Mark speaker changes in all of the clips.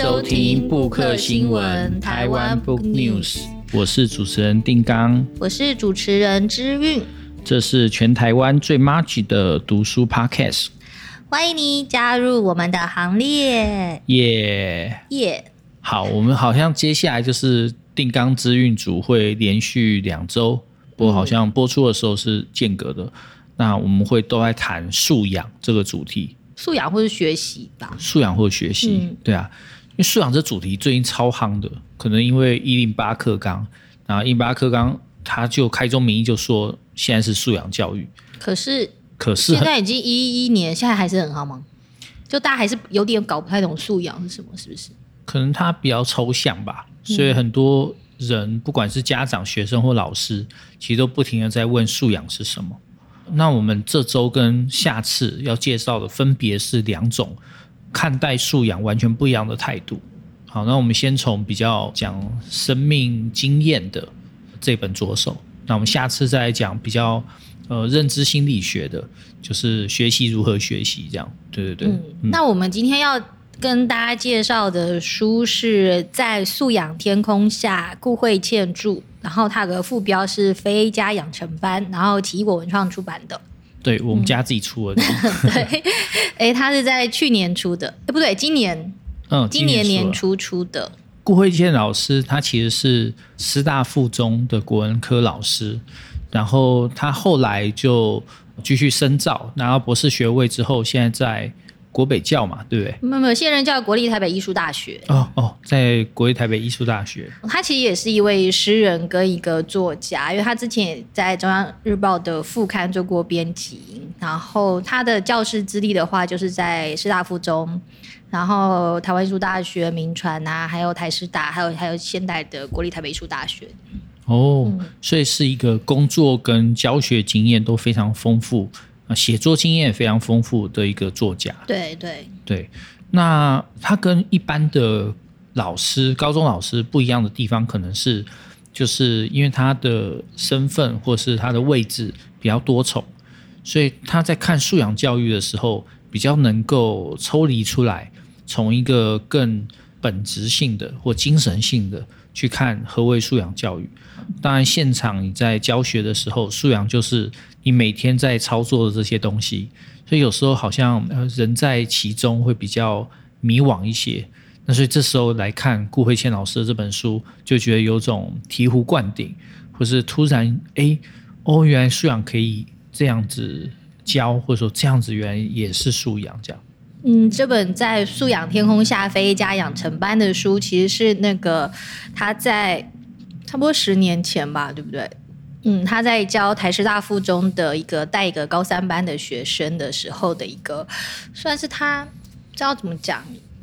Speaker 1: 收聽布克新聞台灣 Book News，
Speaker 2: 我是主持人定綱。
Speaker 1: 我是主持人之韻。
Speaker 2: 這是全台灣最麻吉的讀書 Podcast，
Speaker 1: 歡迎你加入我們的行列，耶、yeah、
Speaker 2: 耶、yeah！好，我們好像接下來就是定綱之韻組會連續兩週、嗯，不過好像播出的時候是間隔的、嗯。那我們會都在談素養這個主題，
Speaker 1: 素養或是學習吧，
Speaker 2: 素養或是學習，對啊。嗯因為素養這主題最近超夯的，可能因為一零八課綱啊，一零八課綱他就開宗明義就說，現在是素養教育。可是可是現在已
Speaker 1: 經一一一年，現在還是很夯嗎？就大家還是有點搞不太懂素養是什麼，是不是？
Speaker 2: 可能它比較抽象吧，所以很多人、嗯、不管是家長、學生或老師，其實都不停的在問素養是什麼。那我們這周跟下次要介紹的分別是兩種。看待素養完全不一樣的態度。好，那我們先從比較講生命經驗的這本着手。那我們下次再來講比較呃認知心理學的，就是學習如何學習這樣。對對對、嗯嗯。
Speaker 1: 那我們今天要跟大家介紹的書是在素養天空下，顧蕙倩著，然後它的副標是非加養成班，然後奇異果文創出版的。
Speaker 2: 對我們家自己出的，嗯、 對，
Speaker 1: 哎，他是在去年出的，哎，不對，今年，嗯、哦，今年年初出的。
Speaker 2: 顧蕙倩老師，他其實是師大附中的國文科老師，然後他後來就繼續深造，拿到博士學位之後，現在在。國北教嘛，對不
Speaker 1: 對？沒有沒有，現任教國立台北藝術大學。哦
Speaker 2: 哦，在國立台北藝術大學，
Speaker 1: 他其實也是一位詩人跟一個作家，因為他之前也在中央日報的副刊做過編輯，然後他的教師資歷的話，就是在師大附中，然後台灣藝術大學、銘傳啊，還有台師大，還有還有現代的國立台北藝術大學哦、
Speaker 2: 嗯，所以是一個工作跟教學經驗都非常豐富。寫作經驗也非常豐富的一個作家，對對對。那他跟一般的老師，高中老師不一樣的地方，可能是就是因為他的身份或是他的位置比較多重，所以他在看素養教育的時候，比較能夠抽離出來，從一個更本質性的或精神性的。去看何謂素養教育。當然，現場你在教學的時候，素養就是你每天在操作的這些東西。所以有時候好像人在其中會比較迷惘一些。那所以這時候來看顧蕙倩老師的這本書，就覺得有種醍醐灌頂，或是突然哎、欸，哦，原來素養可以這樣子教，或者說這樣子原來也是素養這樣。
Speaker 1: 嗯，這本在素養天空下飛加養成班的書，其實是那個他在差不多十年前吧，對不對？嗯，他在教台師大附中的一個帶一個高三班的學生的時候的一個，算是他，不知道怎麼講，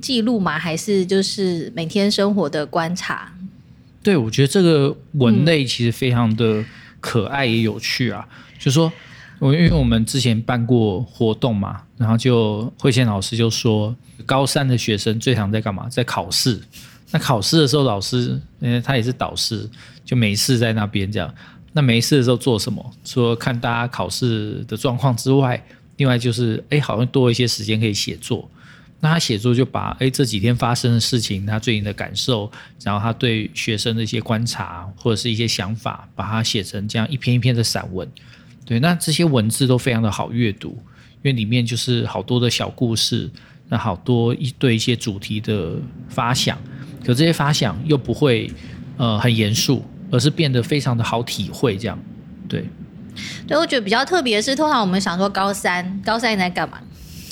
Speaker 1: 記錄嘛，還是就是每天生活的觀察。
Speaker 2: 對，我覺得這個文類其實非常的可愛也有趣啊，嗯、也趣啊就說。我因為我們之前辦過活動嘛，然後就蕙倩老師就說，高三的學生最常在幹嘛？在考試。那考試的時候，老師，因為、哎、他也是導師，就沒事在那邊這樣。那沒事的時候做什麼？說看大家考試的狀況之外，另外就是，哎，好像多一些時間可以寫作。那他寫作就把，哎，這幾天發生的事情，他最近的感受，然後他對學生的一些觀察或者是一些想法，把它寫成這樣一篇一篇的散文。對，那這些文字都非常的好閱讀，因為裡面就是好多的小故事，那好多一對一些主題的發想，可這些發想又不會，呃，很嚴肅，而是變得非常的好體會這樣，對，
Speaker 1: 對，我覺得比較特別是，通常我們想說高三，高三你在幹嘛？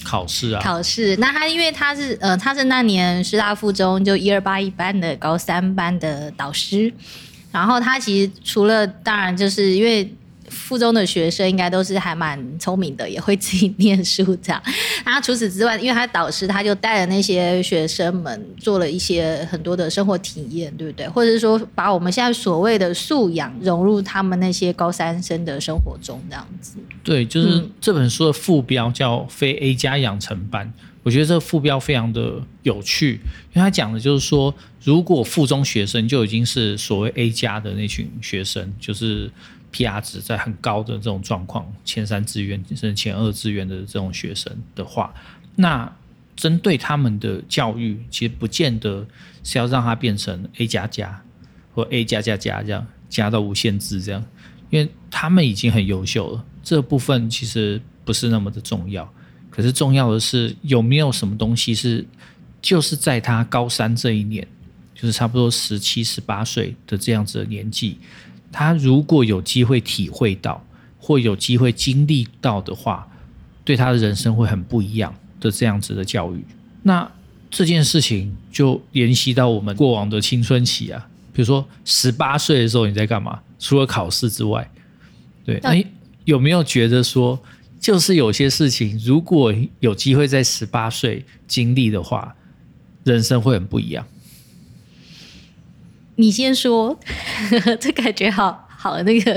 Speaker 2: 考試啊，考
Speaker 1: 試。那他因為他是呃，他是那年師大附中就一二八一班的高三班的導師，然後他其實除了當然就是因為。附中的學生應該都是還蠻聰明的，也會自己念書這樣。然後除此之外，因為他導師他就帶了那些學生們做了一些很多的生活體驗，對不對？或者是說，把我們現在所謂的素養融入他們那些高三生的生活中，這樣子。
Speaker 2: 對，就是這本書的副標叫“非 A 加養成班”，嗯，我覺得這個副標非常的有趣，因為他講的就是說，如果附中學生就已經是所謂 A 加的那群學生，就是。PR 值在很高的這種狀況，前三志願甚至前二志願的這種學生的話，那針對他們的教育，其實不見得是要讓他變成 A 加加或 A 加加加這樣加到無限制這樣，因為他們已經很優秀了，這部分其實不是那麼的重要。可是重要的是有沒有什麼東西是，就是在他高三這一年，就是差不多十七、十八歲的這樣子的年紀。他如果有機會體會到，或有機會經歷到的話，對他的人生會很不一樣的這樣子的教育。那這件事情就聯繫到我們過往的青春期啊，比如說十八歲的時候你在幹嘛？除了考試之外，對，你、嗯、誒、有沒有覺得說，就是有些事情如果有機會在十八歲經歷的話，人生會很不一樣？
Speaker 1: 你先說，這感覺好好，那個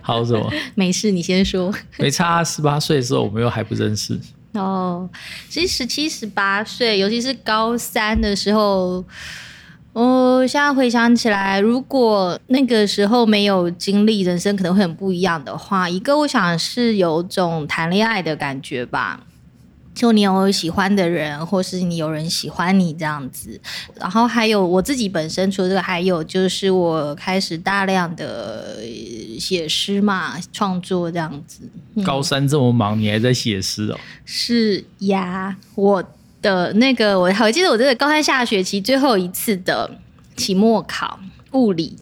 Speaker 1: 好什麼？沒事，你先說。
Speaker 2: 沒差。十八歲的時候我沒有，我們又還不認識。
Speaker 1: 哦，其實十七、十八歲，尤其是高三的時候，哦，現在回想起來，如果那個時候沒有經歷，人生可能會很不一樣的話，一個我想是有種談戀愛的感覺吧。就你有喜歡的人，或是你有人喜歡你這樣子，然後還有我自己本身，除了這個，還有就是我開始大量的寫詩嘛，創作這樣子。高
Speaker 2: 三這麼忙，嗯，你還在寫詩哦？
Speaker 1: 是呀，我的那個，我還記得我這個高三下學期最後一次的期末考物理。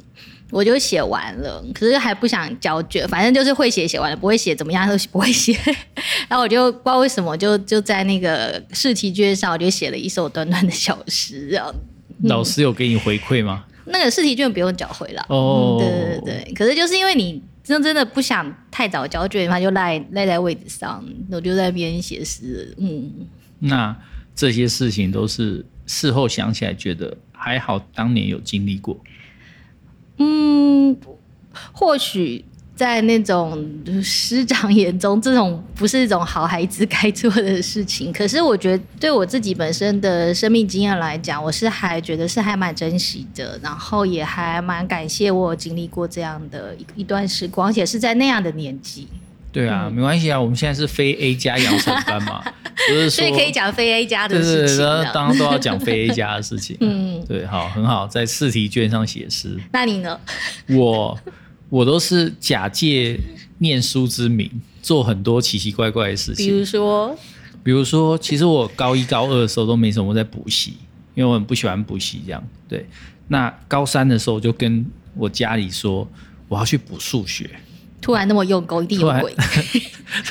Speaker 1: 我就寫完了，可是還不想交卷，反正就是會寫，寫完了，不會寫怎麼樣都不會寫。 然後我就不知道為什麼，就就在那個試題卷上，我就寫了一首短短的小詩，嗯。
Speaker 2: 老師有給你回饋嗎？
Speaker 1: 那個試題卷不用繳回了。哦，oh. 嗯，對對對。可是就是因為你真真的不想太早交卷，他就賴賴在位置上，我就在邊寫詩。嗯。那
Speaker 2: 這些事情都是事後想起來覺得還好，當年有經歷過。
Speaker 1: 嗯，或許在那種師長眼中，這種不是一種好孩子該做的事情。可是，我覺得對我自己本身的生命經驗來講，我是還覺得是還蠻珍惜的，然後也還蠻感謝我有經歷過這樣的一一段時光，而且是在那樣的年紀。
Speaker 2: 對啊，嗯、沒關係啊，我們現在是非 A 加養成班嘛， 所以可以
Speaker 1: 講非 A 加的事情、啊。對，對,對，當然都要講非 A 加的事
Speaker 2: 情、啊。嗯，對，好，很好，在試題卷上寫詩。那你呢？我我都是假借唸書之名做很多奇奇怪怪的事情，比如說，比如說，其實我高一高二的時候都沒什麼在補習，因為我很不喜歡補習這樣。對，那高三的時候就跟我家裡說我要去補數學。
Speaker 1: 突然那麼用功，一
Speaker 2: 定有鬼。突呵呵。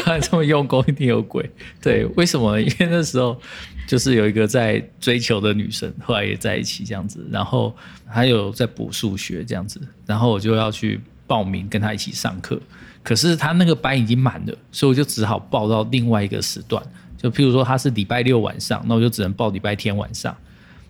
Speaker 2: 突然這麼用功，一定有鬼。 對，為什麼？因為那時候就是有一個在追求的女生，後來也在一起這樣子，然後還有在補數學這樣子，然後我就要去報名跟她一起上課。可是，她那個班已經滿了，所以我就只好報到另外一個時段。就譬如說，她是禮拜六晚上，那我就只能報禮拜天晚上。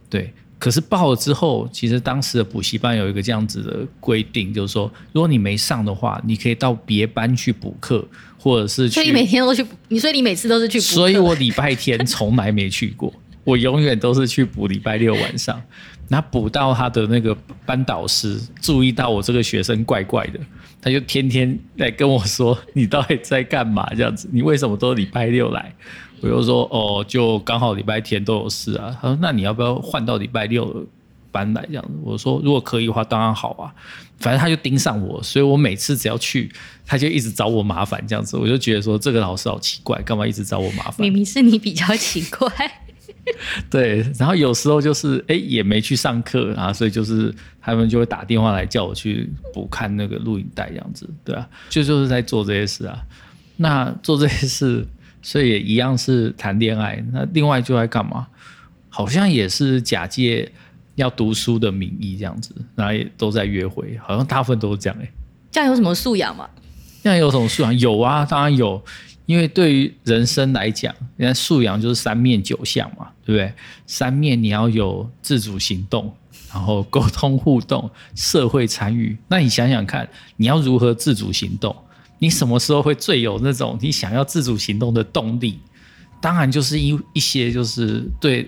Speaker 2: 對。可是報了之後，其實當時的補習班有一個這樣子的規定，就是說，如果你沒上的話，你可以到別班去補課，或者是去。所以你每天
Speaker 1: 都去補，你說你每次都是去補課。所以
Speaker 2: 我禮拜天從來沒去過， 我永遠都是去補禮拜六晚上。那補到他的那個班導師注意到我這個學生怪怪的，他就天天來跟我說：“你到底在幹嘛？這樣子，你為什麼都是禮拜六來？”比如說哦，就剛好禮拜天都有事啊。他說：“那你要不要換到禮拜六班來這樣子？”我說：“如果可以的話，當然好啊。反正他就盯上我，所以我每次只要去，他就一直找我麻煩這樣子。我就覺得說這個老師好奇怪，幹嘛一直找我麻
Speaker 1: 煩？明明是你比較奇怪 。”
Speaker 2: 對，然後有時候就是哎，也沒去上課啊，所以就是他們就會打電話來叫我去補看那個錄影帶這樣子，對啊，就就是在做這些事啊。那做這些事。所以也一樣是談戀愛，那另外就在幹嘛？好像也是假借要讀書的名義這樣子，然後也都在約會，好像大部分都是這樣哎、欸。
Speaker 1: 這樣有什麼素養嗎？
Speaker 2: 這樣有什麼素養？有啊，當然有。因為對於人生來講，人家素養就是三面九項嘛，對不對？三面你要有自主行動，然後溝通互動、社會參與。那你想想看，你要如何自主行動？你什麼時候會最有那種你想要自主行動的動力？當然就是一一些就是對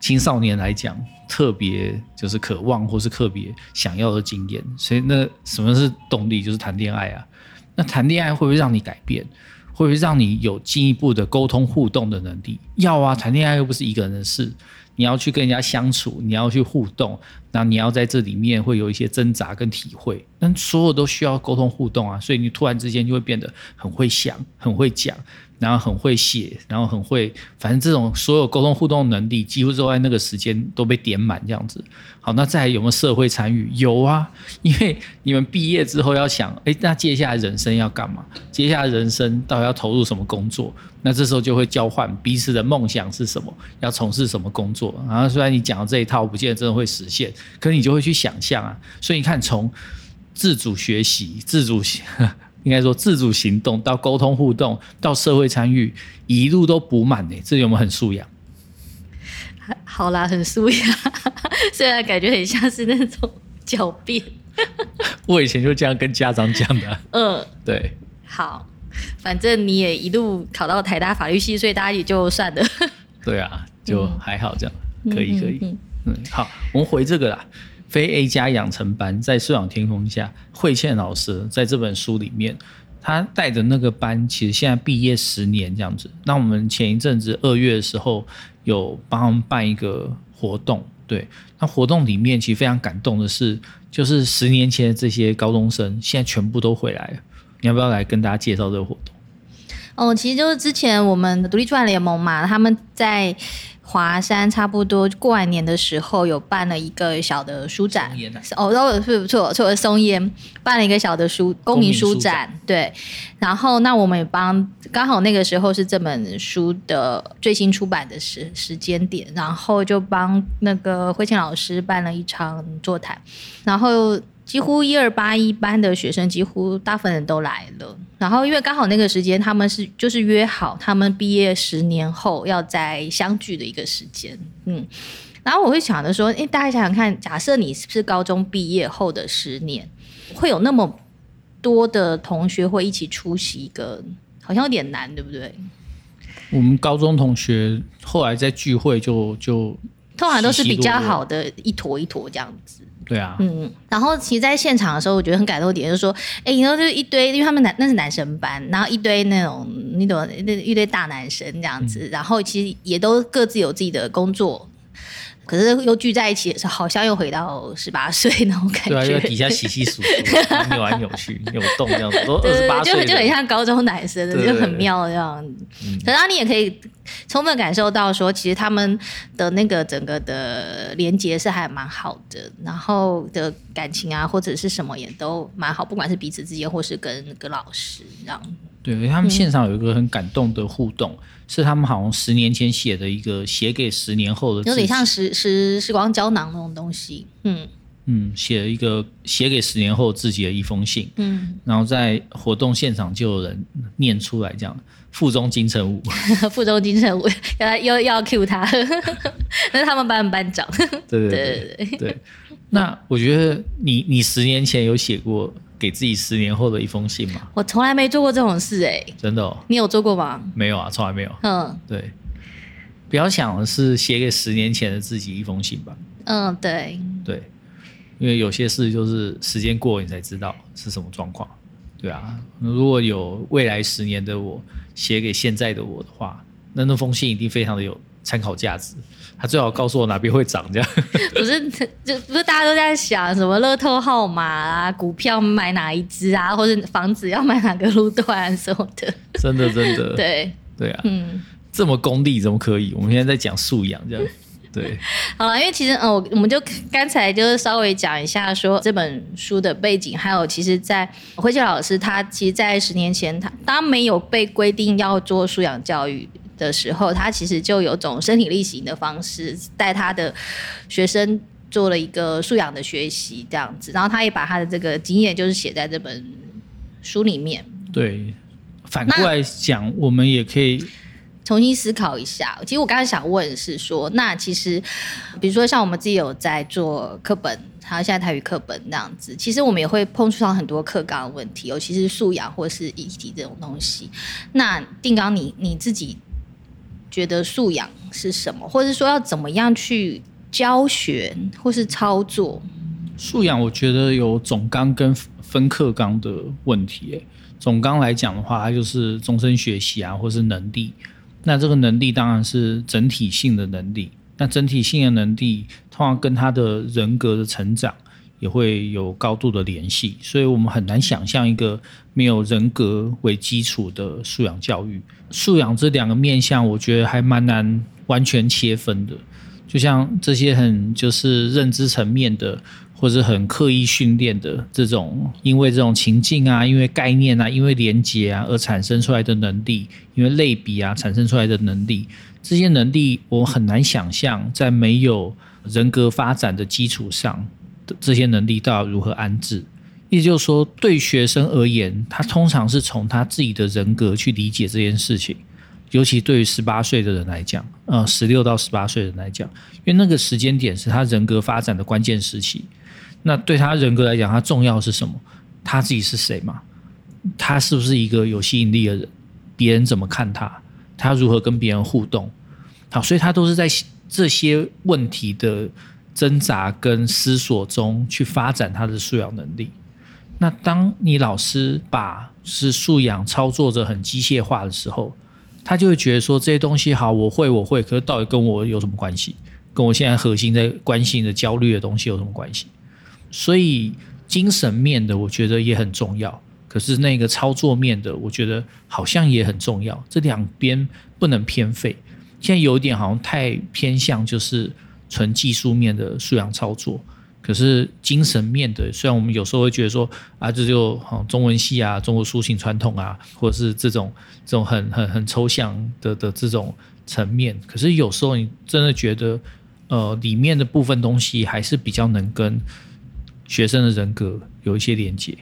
Speaker 2: 青少年來講特別就是渴望或是特別想要的經驗。所以那什麼是動力？就是談戀愛啊。那談戀愛會不會讓你改變？會不會讓你有進一步的溝通互動的能力？要啊，談戀愛又不是一個人的事。你要去跟人家相處，你要去互動，那你要在這裡面會有一些掙扎跟體會，但所有都需要溝通互動啊，所以你突然之間就會變得很會想，很會講。然後很會寫，然後很會，反正這種所有溝通互動能力，幾乎都在那個時間都被點滿這樣子。好，那再來有沒有社會參與？有啊，因為你們畢業之後要想，誒，那接下來人生要幹嘛？接下來人生到底要投入什麼工作？那這時候就會交換彼此的夢想是什麼，要從事什麼工作。然後雖然你講的這一套不見得真的會實現，可是你就會去想象啊。所以你看，從自主學習、自主學。呵呵應該說，自主行動到溝通互動到社會參與，一路都補滿呢，這有沒有很素養？啊？
Speaker 1: 好啦，很素養， 雖然感覺很像是那種狡辯。
Speaker 2: 我以前就這樣跟家長講的，啊。嗯、呃，對。
Speaker 1: 好，反正你也一路考到台大法律系，所以大家也就算了。
Speaker 2: 對啊，就還好這樣，
Speaker 1: 嗯、可以可以嗯
Speaker 2: 嗯嗯。嗯，好，我們回這個啦。非 A 加養成班在《素養天空》下，蕙倩老師在這本書裡面，他帶的那個班，其實現在畢業十年這樣子。那我們前一陣子二月的時候，有幫他們辦一個活動，對。那活動裡面其實非常感動的是，就是十年前的這些高中生，現在全部都回來了。你要不要來跟大家介紹這個活動？
Speaker 1: 哦，其實就是之前我們獨立出版聯盟嘛，他們在。華山差不多過完年的時候，有辦了一個小的書展，啊、哦，是不錯，錯松菸辦了一個小的書公民書，書展，對。然後，那我們也幫剛好那個時候是這本書的最新出版的時時間點，然後就幫那個蕙倩老師辦了一場座談，然後。幾乎一二八一班的學生幾乎大部分人都來了，然後因為剛好那個時間他們是就是約好他們畢業十年後要再相聚的一個時間，嗯，然後我會想着說，哎，大家想想看，假設你是不是高中畢業後的十年會有那麼多的同學會一起出席一個，好像有點難，對不對？
Speaker 2: 我們高中同學後來在聚會
Speaker 1: 就就洗洗通常都是比較好的一坨一坨這樣子。對啊，嗯，然後其實在現場的時候，我覺得很感動點就是說，誒、欸，你說就是一堆，因為他們男那是男生班，然後一堆那種，你懂，那一堆大男生這樣子，嗯，然後其實也都各自有自己的工作。可是又聚在一起的時候，好像又回到十八歲那種感覺。對啊，又底下洗
Speaker 2: 洗漱漱， 扭來扭去扭動這樣子。都28歲對，對，對，就就很
Speaker 1: 像高中男生對對對對，就很妙這樣。嗯，可是你也可以充分感受到說，說其實他們的那個整個的連接是還蠻好的，然後的感情啊或者是什麼也都蠻好，不管是彼此之間或是跟那個老師這樣。
Speaker 2: 對，他們現場有一個很感動的互動。嗯是他們好像十年前寫的一個寫給十年後的，有點像
Speaker 1: 時時時光膠囊那種東西，嗯嗯，
Speaker 2: 寫了一個寫給十年後自己的一封信，嗯，然後在活動現場就有人念出來，這樣附中金城武，
Speaker 1: 附中金城武, 武, 武要要要 cue 他，那 是他們班班長， 對對對對 對,
Speaker 2: 對，對 那我覺得你你十年前有寫過。給自己十年後的一封信嗎？
Speaker 1: 我從來沒做過這種事哎、欸，真的、喔，你有做過嗎？
Speaker 2: 沒有啊，從來沒有。嗯，對，比較想的是寫給十年前的自己一封信吧。嗯，
Speaker 1: 對，
Speaker 2: 對，因為有些事就是時間過了，你才知道是什麼狀況，對啊。如果有未來十年的我寫給現在的我的話，那那封信一定非常的有參考價值。他最好告訴我哪邊會漲，這樣
Speaker 1: 不是就不是大家都在想什麼樂透號碼啊、股票買哪一支啊，或者房子要買哪個路段什麼的。
Speaker 2: 真的，真的，對對啊，嗯，這麼功利怎麼可以？我們現在在講素養，這樣對。
Speaker 1: 好、啊，因為其實、呃、我我們就剛才就是稍微講一下說這本書的背景，還有，其實在蕙倩老師他其實在十年前他，他當沒有被規定要做素養教育的時候，他其實就有種身體力行的方式，帶他的學生做了一個素養的學習這樣子，然後他也把他的這個經驗就是寫在這本書裡面。
Speaker 2: 對，反過來講，我們也可以
Speaker 1: 重新思考一下。其實我剛才想問是說，那其實比如說像我們自己有在做課本，還有現在台語課本這樣子，其實我們也會碰觸到很多課綱問題，尤其是素養或是議題這種東西。那定綱，你你自己。覺得素養是什麼？或者說要怎麼樣去教學或是操作？
Speaker 2: 素養，我覺得有總綱跟分科綱的問題欸。總綱來講的話，它就是終身學習啊，或是能力。那這個能力當然是整體性的能力。那整體性的能力，通常跟他的人格的成長，也會有高度的聯繫，所以我們很難想象一個沒有人格為基礎的素養教育。素養這兩個面向，我覺得還蠻難完全切分的。就像這些很就是認知層面的，或者很刻意訓練的這種，因為這種情境啊，因為概念啊，因為連結啊而產生出來的能力，因為類比啊產生出來的能力，這些能力我很難想象在沒有人格發展的基礎上，這些能力到如何安置，也就是說，對學生而言，他通常是從他自己的人格去理解這件事情。尤其對於十八歲的人來講，嗯、呃，十六到十八歲人來講，因為那個時間點是他人格發展的關鍵時期。那對他人格來講，他重要是什麼？他自己是誰嘛？他是不是一個有吸引力的人？別人怎麼看他？他如何跟別人互動？好，所以他都是在這些問題的。掙扎跟思索中去發展他的素養能力。那當你老師把是素養操作着很機械化的時候，他就會覺得說，這些東西好，我會我會，可是到底跟我有什麼關係？跟我現在核心在關心的焦慮的東西有什麼關係？所以精神面的我覺得也很重要，可是那個操作面的我覺得好像也很重要，這兩邊不能偏廢。現在有一點好像太偏向就是。純技術面的素養操作，可是精神面的，雖然我們有時候會覺得說啊，這就中文系啊，中國抒情傳統啊，或者是這種這種很很很抽象的的這種層面，可是有時候你真的覺得，呃，裡面的部分東西還是比較能跟學生的人格有一些連接，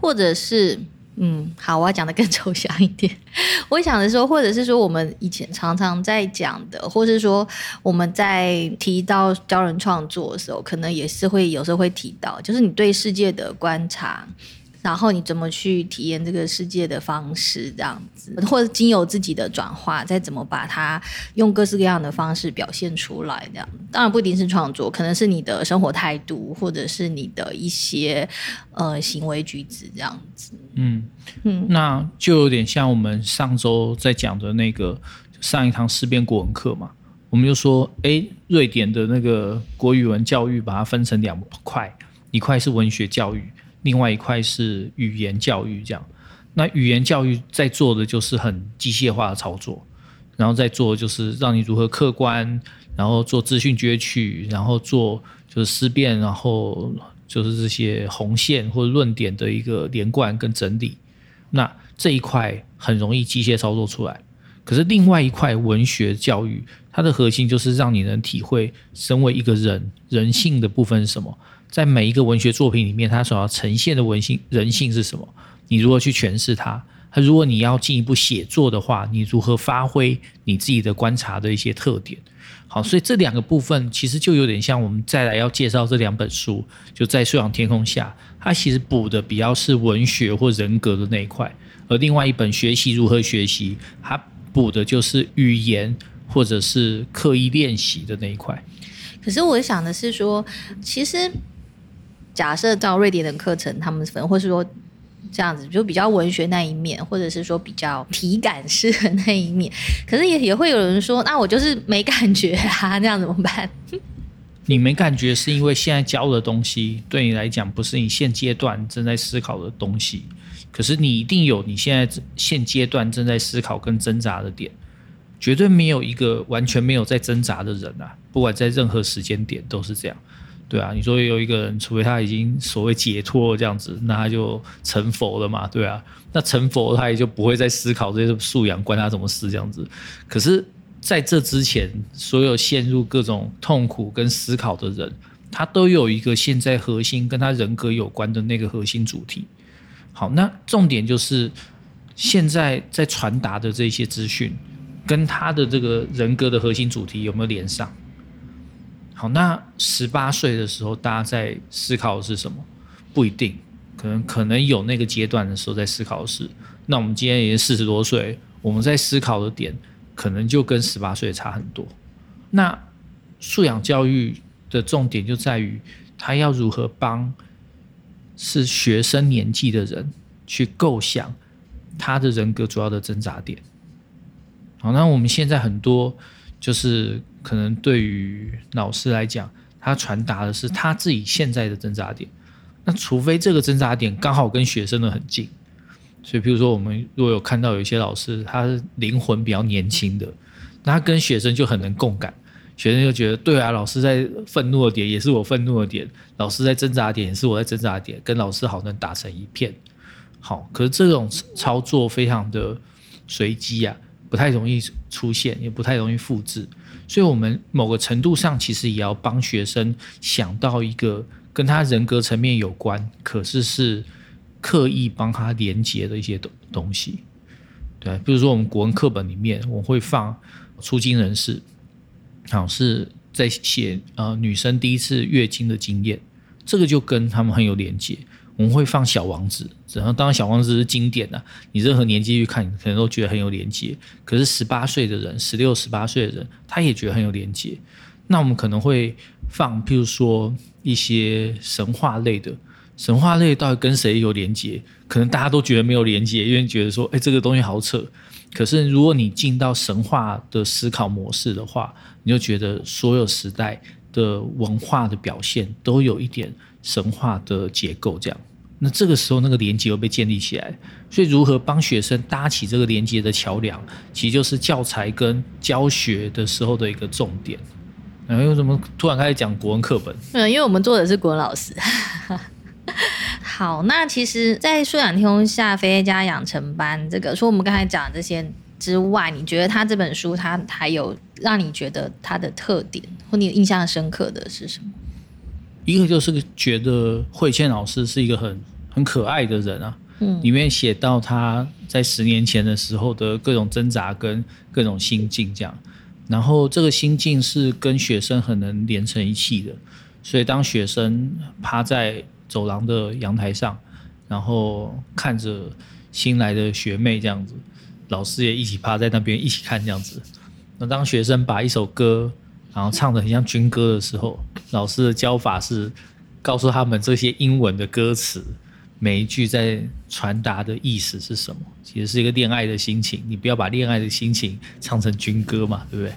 Speaker 1: 或者是。嗯，好，我要講得更抽象一點。 我想的是說，或者是說，我們以前常常在講的，或者是說，我們在提到教人創作的時候，可能也是會有時候會提到，就是你對世界的觀察。然後你怎麼去體驗這個世界的方式，這樣子，或者經由自己的轉化，再怎麼把它用各式各樣的方式表現出來，這樣。當然不一定是創作，可能是你的生活態度，或者是你的一些呃行為舉止這樣子。嗯
Speaker 2: 嗯，那就有點像我們上周在講的那個上一堂思辨國文課嘛，我們就說，哎，瑞典的那個國語文教育把它分成兩塊，一塊是文學教育。另外一塊是語言教育，這樣，那語言教育在做的就是很機械化的操作，然後在做就是讓你如何客觀，然後做資訊攫取，然後做就是思辨，然後就是這些紅線或論點的一個連貫跟整理。那這一塊很容易機械操作出來，可是另外一塊文學教育，它的核心就是讓你能體會身為一個人，人性的部分是什麼。在每一個文學作品裡面，它所要呈現的文性人性是什麼？你如何去詮釋它？它如果你要進一步寫作的話，你如何發揮你自己的觀察的一些特點？好，所以這兩個部分其實就有點像我們再來要介紹這兩本書。就在《素養天空下》，它其實補的比較是文學或人格的那一塊；而另外一本《學習如何學習》，它補的就是語言或者是刻意練習的那一塊。
Speaker 1: 可是我想的是說，其實。假設到瑞典的課程，他們可能會是說這樣子，就比較文學那一面，或者是說比較體感式的那一面。可是也也會有人說，那我就是沒感覺啊，這樣怎麼辦？
Speaker 2: 你沒感覺是因為現在教的東西對你來講不是你現階段正在思考的東西。可是你一定有你現在現階段正在思考跟掙扎的點，絕對沒有一個完全沒有在掙扎的人啊，不管在任何時間點都是這樣。對啊，你說有一個人，除非他已經所謂解脫了這樣子，那他就成佛了嘛？對啊，那成佛他也就不會再思考這些素養，關他什麼事這樣子。可是，在這之前，所有陷入各種痛苦跟思考的人，他都有一個現在核心跟他人格有關的那個核心主題。好，那重點就是現在在傳達的這些資訊，跟他的這個人格的核心主題有沒有連上？好，那十八歲的時候，大家在思考的是什麼？不一定，可能可能有那個階段的時候在思考的是，那我們今天已經四十多歲，我們在思考的點，可能就跟十八歲差很多。那素養教育的重點就在於，他要如何幫是學生年紀的人去構想他的人格主要的掙扎點。好，那我們現在很多就是。可能對於老師來講，他傳達的是他自己現在的掙扎點。那除非這個掙扎點剛好跟學生的很近，所以譬如說我們若有看到有一些老師，他是靈魂比較年輕的，那他跟學生就很能共感，學生就覺得對啊，老師在憤怒的點也是我憤怒的點，老師在掙扎點也是我在掙扎點，跟老師好能打成一片。好，可是這種操作非常的隨機啊，不太容易出現，也不太容易複製。所以，我們某個程度上，其實也要幫學生想到一個跟他人格層面有關，可是是刻意幫他連接的一些東東西。對啊，比如說我們國文課本裡面，我會放《初經人事》好，好像是在寫呃女生第一次月經的經驗，這個就跟他們很有連接。我們會放《小王子》，然後當然《小王子》是經典的，啊，你任何年紀去看，你可能都覺得很有連接。可是十八歲的人，十六、十八歲的人，他也覺得很有連接。那我們可能會放，譬如說一些神話類的。神話類到底跟誰有連接？可能大家都覺得沒有連接，因為覺得說，哎、欸，這個東西好扯。可是如果你進到神話的思考模式的話，你就覺得所有時代的文化的表現都有一點神話的結構，這樣。那這個時候，那個連接又被建立起來。所以，如何幫學生搭起這個連接的橋樑，其實就是教材跟教學的時候的一個重點。然、哎、後，為什麼突然開始講國文課本？
Speaker 1: 嗯，因為我們做的是國文老師。 好，那其實，在素養天空下飛加養成班這個，除我們剛才講的這些之外，你覺得他這本書，他還有讓你覺得他的特點，或你印象深刻的是什麼？
Speaker 2: 一個就是覺得蕙倩老師是一個很很可愛的人啊，嗯，裡面寫到她在十年前的時候的各種掙扎跟各種心境這樣，然後這個心境是跟學生很能連成一氣的，所以當學生趴在走廊的陽台上，然後看着新來的學妹這樣子，老師也一起趴在那邊一起看這樣子，那當學生把一首歌然後唱得很像軍歌的時候，老師的教法，是告訴他們這些英文的歌詞每一句在傳達的意思是什麼，其實是一個戀愛的心情，你不要把戀愛的心情唱成軍歌嘛，對不對？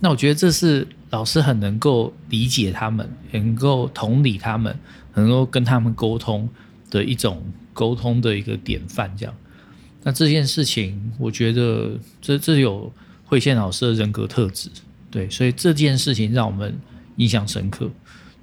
Speaker 2: 那我覺得這是老師很能夠理解他們，很能夠同理他們，很能夠跟他們溝通的一種溝通的一個典範。這樣，那這件事情我覺得這這有蕙倩老師的人格特質，對，所以這件事情讓我們印象深刻，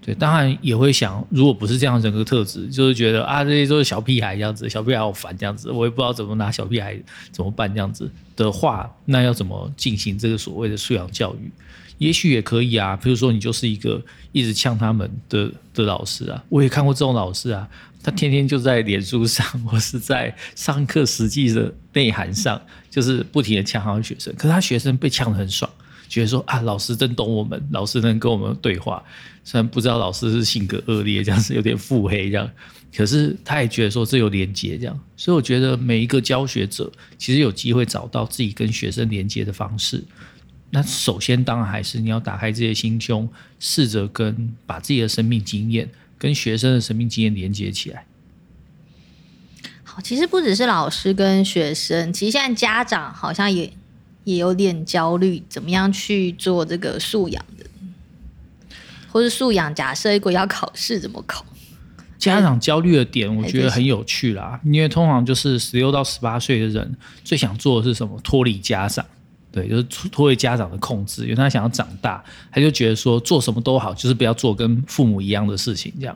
Speaker 2: 對，當然也會想，如果不是這樣的人格特質，就是覺得啊，這些都是小屁孩這樣子，小屁孩好煩這樣子，我也不知道怎麼拿小屁孩怎麼辦這樣子的話，那要怎麼進行這個所謂的素養教育？也許也可以啊，比如說你就是一個一直嗆他們的的老師啊，我也看過這種老師啊，他天天就在臉書上，或是在上課實際的內涵上，就是不停的嗆他們的學生，可是他學生被嗆得很爽。覺得說啊，老師真懂我們，老師能跟我們對話。雖然不知道老師是性格惡劣，這樣是有點腹黑這樣，可是他也覺得說這有連接這樣。所以我覺得每一個教學者其實有機會找到自己跟學生連接的方式。那首先當然還是你要打開這些心胸，試着跟把自己的生命經驗跟學生的生命經驗連接起來。
Speaker 1: 好，其實不只是老師跟學生，其實現在家長好像也。也有點焦慮，怎麼樣去做這個素養的，或是素養？假設如果要考試，怎麼考？
Speaker 2: 家長焦慮的點，我覺得很有趣啦，欸欸、因為通常就是十六到十八歲的人最想做的是什麼？脫離家長，對，就是脫離家長的控制，因為他想要長大，他就覺得說做什麼都好，就是不要做跟父母一樣的事情這樣。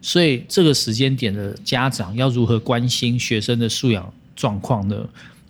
Speaker 2: 所以這個時間點的家長要如何關心學生的素養狀況呢？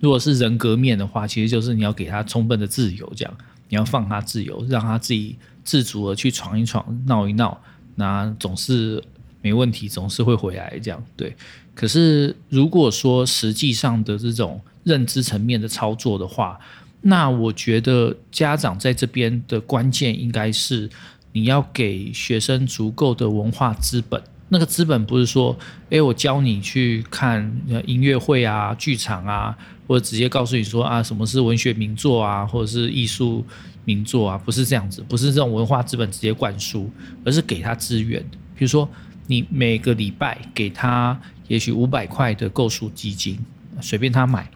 Speaker 2: 如果是人格面的話，其實就是你要給他充分的自由，這樣。你要放他自由，讓他自己自主的去闖一闖、鬧一鬧，那總是沒問題，總是會回來這樣。對。可是如果說實際上的這種認知層面的操作的話，那我覺得家長在這邊的關鍵應該是你要給學生足夠的文化資本。那個資本不是說，誒，我教你去看音樂會啊、劇場啊。或者直接告訴你說啊，什麼是文學名作啊，或者是藝術名作啊？不是這樣子，不是這種文化資本直接灌輸，而是給他資源。比如說，你每個禮拜給他也許五百塊的購書基金，隨便他買。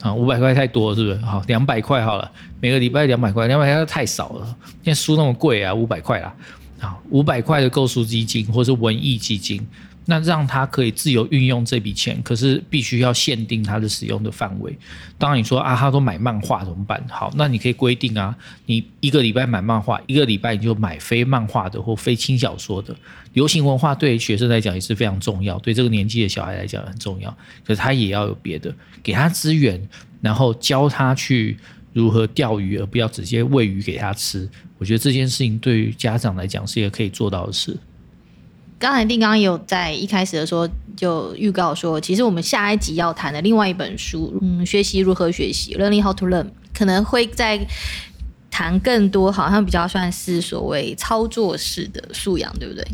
Speaker 2: 啊，五百塊太多是不是？好，兩百塊好了，每個禮拜兩百塊，兩百塊太少了，現在書那麼貴啊，五百塊啦。啊，五百塊的購書基金，或者是文藝基金。那讓他可以自由運用這筆錢，可是必須要限定他的使用的範圍。當然你說啊，他都買漫畫怎麼辦？好，那你可以規定啊，你一個禮拜買漫畫，一個禮拜你就買非漫畫的或非輕小說的。流行文化對於學生來講也是非常重要，對這個年紀的小孩來講很重要。可是他也要有別的，給他資源，然後教他去如何釣魚，而不要直接餵魚給他吃。我覺得這件事情對於家長來講是一個可以做到的事。
Speaker 1: 剛才定綱，有在一開始的時候，就預告說，其實我們下一集要談的另外一本書，嗯，學習如何學習，learning how to learn，可能會再談更多，好像比較算是所謂操作式的素養，對不對？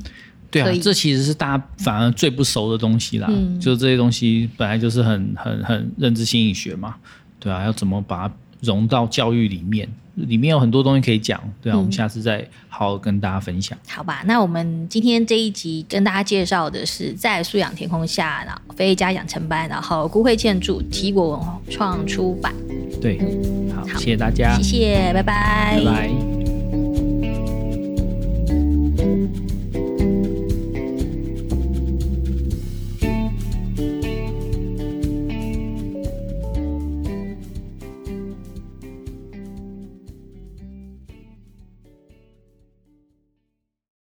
Speaker 1: 對啊，所以，這
Speaker 2: 其實是大家反而最不熟的東西啦，嗯，就這些東西本來就是很很很認知心理學嘛，對啊，要怎麼把它？融到教育裡面，裡面有很多東西可以講，對啊，嗯，我們下次再好好跟大家分享。好
Speaker 1: 吧，那我們今天這一集跟大家介紹的是在素養天空下，然後非家養成班，然後顧蕙倩，奇異果文創出版。
Speaker 2: 對好好，好，謝謝大家，謝
Speaker 1: 謝，拜拜。拜拜。